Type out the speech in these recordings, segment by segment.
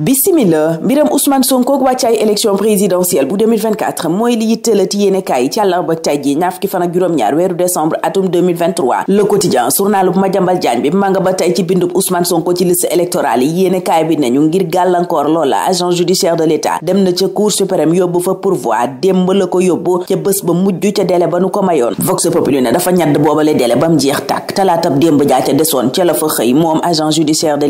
bisimila mbiram Ousmane Sonko ak wàccaay élection présidentielle bu 2024 mooy li yitteelati yéenekaay yi ci àllarba tey ji ñaar fukki fan ak juróom-ñaar weeru décembre atum 2023 le quotidien journalub Madiambal Diagne bi ma nga ba tey ci bindub Ousmane Sonko ci liste électorale yi yéenekaay bi nañu ngir gàllankoor loola agent judiciaire de l'État dem na ca cour suprême yóbbu fa pourvoi démb la ko yóbbu ca bés ba mujj ca délai ba nu ko mayoon Vox Populi ne dafa ñadd boobale délai ba mu jeex tàkk talaatab démb jaa ca desoon ca la fa xëy moom agent judiciaire de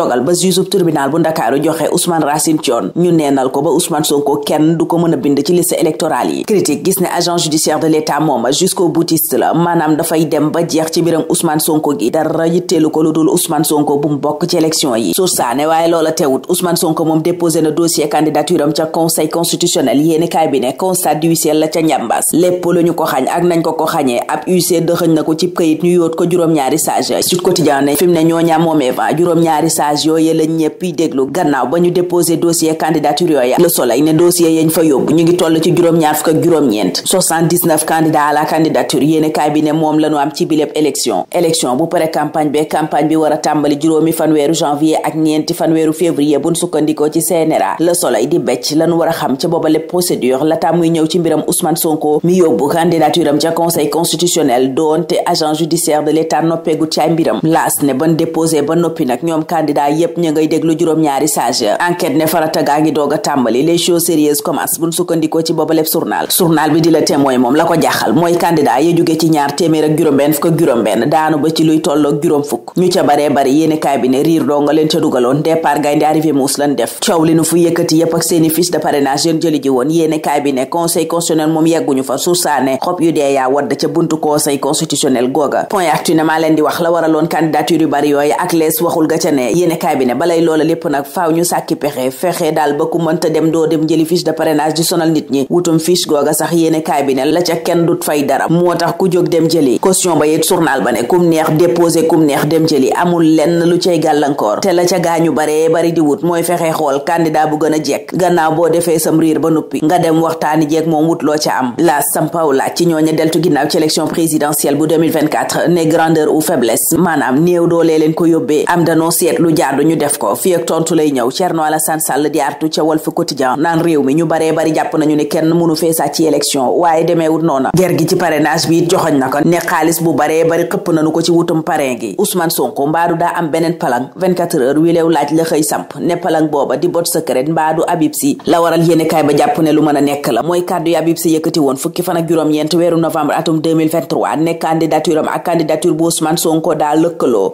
dogal ba juge tribunal bu ndakaaru joxe Ousmane Racine Thione ñu neenal ko ba Ousmane Sonko kenn du ko mën a bind ci liste électorale yi critique gis ne agent judiciaire de l'état moom jusqu'au boutiste la maanaam dafay dem ba jeex ci mbiram Ousmane Sonko gi dara yitteelu ko lu dul Ousmane Sonko bu mu bokk ci élection yi sur saane waaye loola teewut Ousmane Sonko moom déposé na dossier candidature am ca conseil constitutionnel yéeni kaay bi ne constat la ca ko xañ ko ko xañee ab huissier dëxëñ parrainage yooyu la ñëppi déglu gannaaw ba ñu déposé dossier candidature yooya le soleil ne dossier ci juróom-ñaar fukk ak juróom candidature ci biléb élection élection bu pare campagne be campagne bi war a tàmbali juróomi fanweeru janvier ak ñeenti fanweeru février di becc lañu war xam ca booba procédure la tam muy ñëw ci mbiram Ousmane Sonko mi yóbbu candidature am conseil constitutionnel doonte agent judiciaire de l'état noppeegu caay mbiram candidat yépp ñu juróom-ñaari sage enquête ne farata gaa ngi doog tàmbali les choses sérieuses commence buñ sukkandikoo ci booba lépp journal bi di la témoin moom la ko jaaxal mooy candidat ya juróom fukk ñu ca baree bari yéene kaay riir doo nga leen ca dugaloon départ gaynde arrivé muus lan def coow li nu fu yëkkati yépp ak seeni fiche de parrainage yéen woon yéene kaay conseil constitutionnel moom yegguñu fa sursaane xob yu yéenekaay bi ne balay loola lépp nag faaw ñu sàkki pexe fexe daal ba ku mënta dem doo dem jëli fiche de parrainage di sonal nit ñi wutum fiche googa sax yéenekaay bi la ca kenn dut fay dara moo tax ku jóg dem jëli ba ba amul lenn lu cay gàllankoor te la ca gaañu baree bari di wut mooy fexe xool candidat bu gën a jekk gannaaw boo defee sam riir ba noppi nga dem waxtaani jeeg moom wut loo ca am la sampaw laaj ci ñooña deltu ginnaaw ci élection présidentielle bu 2024 ne lu jaadu ñu def ko fi tontu lay ñëw Thierno Alassane Sall di artu ca Walf Quotidien naan réew mi ñu baree bari jàpp nañu ko ci wutum parrain gi Ousmane Sonko mbaadu daa am beneen palang 24 heures wi leew laaj la samp ne palang booba di bot secret mbaadu Habib Sy la waral yéenekaay ba jàpp ne lu mën a nekk la mooy kàddu yi Habib Sy yëkkati woon fukki fan juróom-ñeent weeru novembre atum ne candidature am ak bu Ousmane Sonko daa lëkkaloo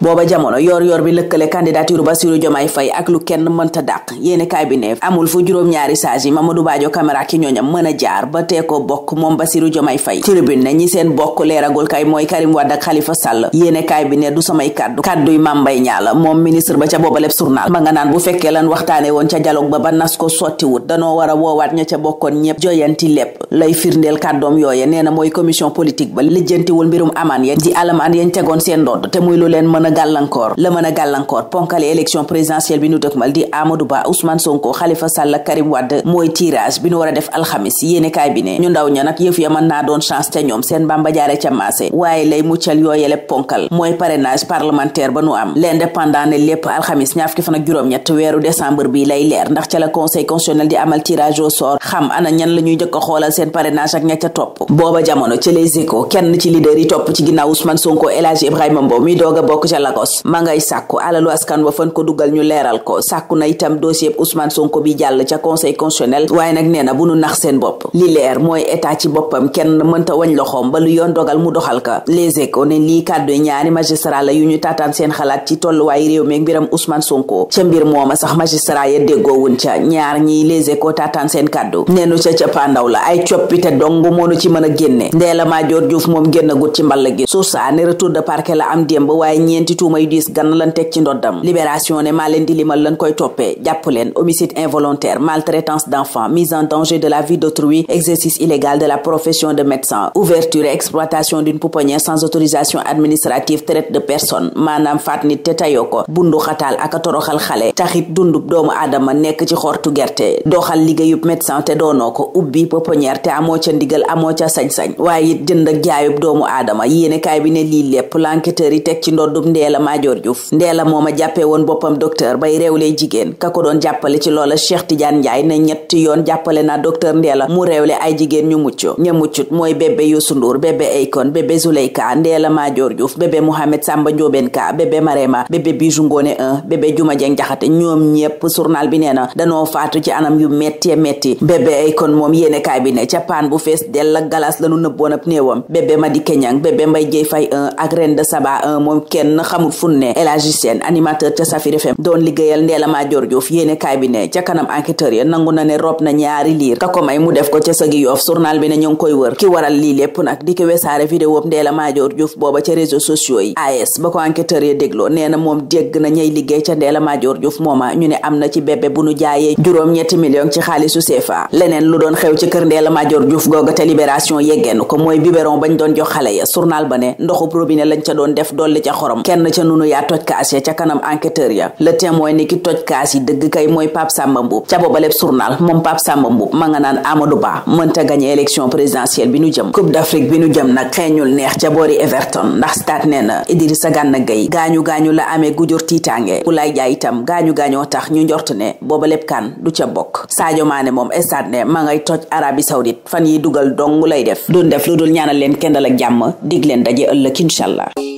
candidature Bassirou Diomaye Faye ak lu kenn mënta dàq yéeni kaay bi ne amul fu juróom-ñaari sages ma Mamadou Badio Camara ki ñooñam mën a jaar ba tee ko bokk moom Bassirou Diomaye Faye tribune ne ñi seen bokk leeragul kay mooy Karim Wade ak Khalifa Sall yéeni kaay bi ne du samay kàddu kàdduy mambay ñaala moom ministre ba ca boobaleb journal ma nga naan bu fekkee lan waxtaane woon ca dialogue ba ba nas ko sottiwut danoo war a woowaat ña ca bokkoon ñépp joyanti lépp lay firndeel kàddoom yooye nee na mooy commission politique ba lijjantiwul mbirum amaan ya di alamaan yañ tegoon seen te muy lu leen mën a gàllankoor la mën a gàllankoor doxalee élection présidentielle bi nu dëkkmal di Amadou Ba Ousmane Sonko Khalifa Sall ak Karim mooy tirage bi nu war a def alxamis yéene kaay bi ne ñu ndaw ña nag yëf ya naa doon chance te ñoom seen bamba jaare ca maase waaye lay muccal yooyele ponkal mooy parrainage parlementaire ba nu am l'indépendant ne lépp alxamis ñaar fukki fan ak juróom-ñett weeru décembre bi lay leer ndax ca la conseil constitutionnel di amal tirage au sort xam ana ñan la ñuy njëkk a xoolal seen parrainage ak ña ca topp booba jamono ci les échos kenn ci leader topp ci ginnaaw Ousmane Sonko El Hadji Ibrahima Mbow mi doog a bokk ca ba fan ko dugal ñu leeral ko sàkku na itam dossier Ousmane Sonko bi jàll ca conseil constitutionnel waaye nag nee bu nu nax seen bopp li leer mooy état ci boppam kenn mënta wañ loxoom ba lu yoon dogal mu doxal ka les échos ne lii kàddu ñaari magistrat la yu ñu taataan seen xalaat ci tolluwaay réew meeg mbiram Ousmane Sonko ca mbir a sax magistrat ya déggoowun ca ñaar ñiy les échos seen kàddu neenu ca cappaandaw la ay coppite dong moonu ci mën a génne Ndella Madior Diouf moom génn gut ci mball gi suusaa ne retour de parquet la am démb waaye ñeenti tuuma yu diis libération ne maa leen di limal lan koy toppee jàpp leen homicide involontaire maltraitance d'enfants mise en danger de la vie d'autrui exercice illégal de la profession de médecin ouverture et exploitation d'une pouponnière sans autorisation administrative traite de personnes maanaam faat te tayoo ko bundu xataal ak toroxal xale taxit dundub doomu aadama nekk ci xortu gerte doxal liggéeyub médecin te doonoo ubbi pouponnière te amoo ca ndigal amoo ca sañ-sañ waaye it jënd ak jaayub doomu aadama yéene kaay bi ne lii ci ndoddub Ndella woon boppam docteur bay réewlee jigéen ka ko doon jàppale ci loola Cheikh Tidiane Ndiaye ne ñetti yoon jàppale na docteur Ndeela mu réewle ay jigéen ñu mucc ña muccut mooy bébé Youssou Ndour bébé Akon bébé Zuleyka Ndeela Madior Diouf bébé Jaxate ñoom ñépp journal bi nee na danoo faatu ci anam yu metti metti bébé Akon moom yéene kaay bi ne ca paan bu fees dell ak galas lanu nëbboon ab néewam bébé Madi Keñang bébé Mbay Jéy Fay 1 ak Saba 1 moom kenn xamul funne El Hadji enquêteur ca Safir FM doon liggéeyal Ndella Madior Diouf yéene kaay bi ne ca kanam enquêteur ya nangu na ne rob na ñaari liir ka ko may mu def ko ca sëgi yoof journal bi ne ñu koy wër ki waral lii lépp nag di ki wesaare vidéo Ndella Madior Diouf ba ko enquêteur ya dégloo nee na moom dégg ñu ne am na ci bébé bu nu jaayee juróom ñetti million ci xaalisu CFA leneen lu doon xew ci kër Ndella Madior Diouf googa te libération yeggeen ko mooy biberon bañ doon jox xale ya journal ba ne ndoxu robinet enquêteur ya le témoin ni ki toj kaas yi dëgg kay mooy Pape Samba Mboup ca boobaleb journal moom Pape Samba Mboup ma nga naan Amadou Ba mënta gagné élection présidentielle bi nu jëm coupe d'Afrique bi nu jëm nag xeeñul neex ca boori Everton ndax stade nee na Idrissa Gana Gueye gaañu-gaañu la amee gu jur tiitaange ku lay jaay itam gaañu-gaañoo tax ñu njort ne boobaleb kan du ca bokk Sadio Mané moom stade ne ma ngay toj Arabie Saoudite fan yi dugal dong lay def dun def lu dul ñaanal leen kendal ak jàmm dig leen daje